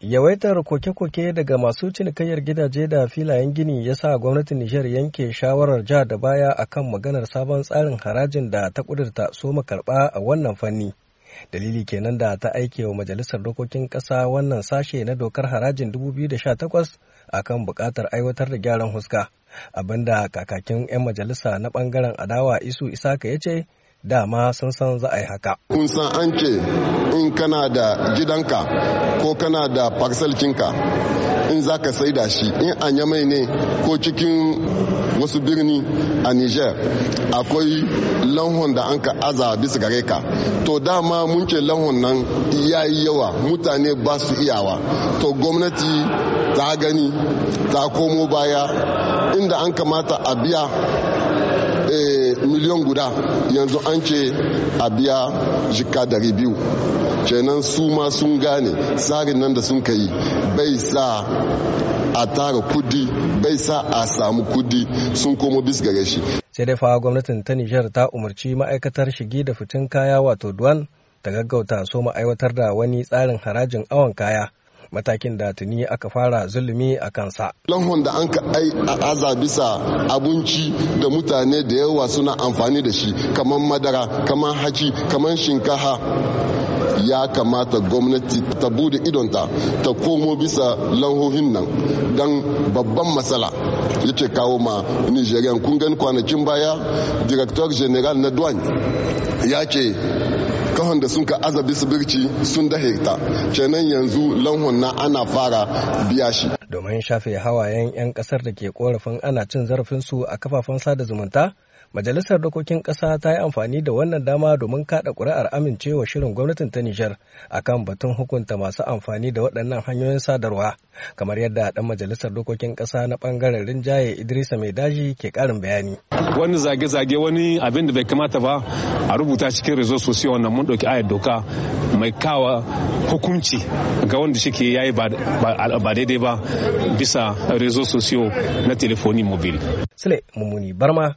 Yawaitar koke-koke daga masu cinikayyar gidaje da filayen gini ya sa gwamnatin Nijar yanke shawarar ja da baya akan maganar sabon tsarin harajin da ta ƙudurta soma karɓa a wannan fanni. Dalili kenan da ta aike wa Majalisar Dokokin Ƙasa wannan sashe na dokar harajin 2018 akan buƙatar aiwatar da gyaran huska. Abinda kakakin 'yan majalisa na ɓangaren adawa Isu Isaka ya ce dama sun san za a yi haka. Kun san an ce in kana da gidanka ko kana da parcelkinka in za ka saida shi in a yamai ne ko cikin wasu birni a Niger akwai lanhon da an ka aza bisa gare ka. To dama mun ce lanhon nan ya yi yawa mutane ba su iyawa. To gwamnati ta gani ta komo baya inda an kamata a biya Eh, miliyan guda yanzu an ce a biya jika dari biyu kenan su ma sun gane tsarin nan da sun ka yi bai sa a tara kudi bai sa a samu kudi sun komo bis gare shi sai dai fa gwamnatin ta nijar ta umarci ma'aikatar shigi da fitin kaya wato duwan ta gaggauta so aiwatar da wani tsarin harajin awon kaya matakin da tuni aka fara zulumi a kansa. Lanhon da an aza bisa abinci da mutane da yawa suna amfani da shi kamar madara, kamar haki, kamar shinkaha. ya kamata gwamnati ta bude idonta ta komo bisa lanhohin nan don babban matsala yake kawo ma nigerian kun gani kwanakin baya director general na duwan ya ce kahon da sun ka su birci sun dahe ta kenan yanzu lanhon na ana fara biya shi domin shafe hawayen 'yan kasar da ke korafin ana cin zarafinsu a kafafen sada zumunta Majalisar Dokokin Ƙasa ta yi amfani da wannan dama domin kaɗa ƙuri'ar amincewa shirin gwamnatin ta Nijar kan batun hukunta masu amfani da waɗannan hanyoyin sadarwa, kamar yadda ɗan Majalisar Dokokin Ƙasa na ɓangaren Rinjaye Idrisa Mai Daji ke ƙarin bayani. Wani zage-zage wani abin da bai kamata ba a rubuta cikin rezo sosai wannan mun ɗauki ayar doka mai kawa hukunci ga wanda shi ke yi ba daidai ba bisa rezo sosai na telefoni mobil. Sule Mummuni Barma